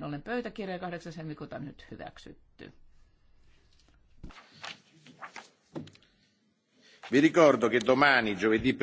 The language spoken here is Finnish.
Näin ollen pöytäkirja 8. helmikuuta on nyt hyväksytty. Vi ricordo che domani, giovedì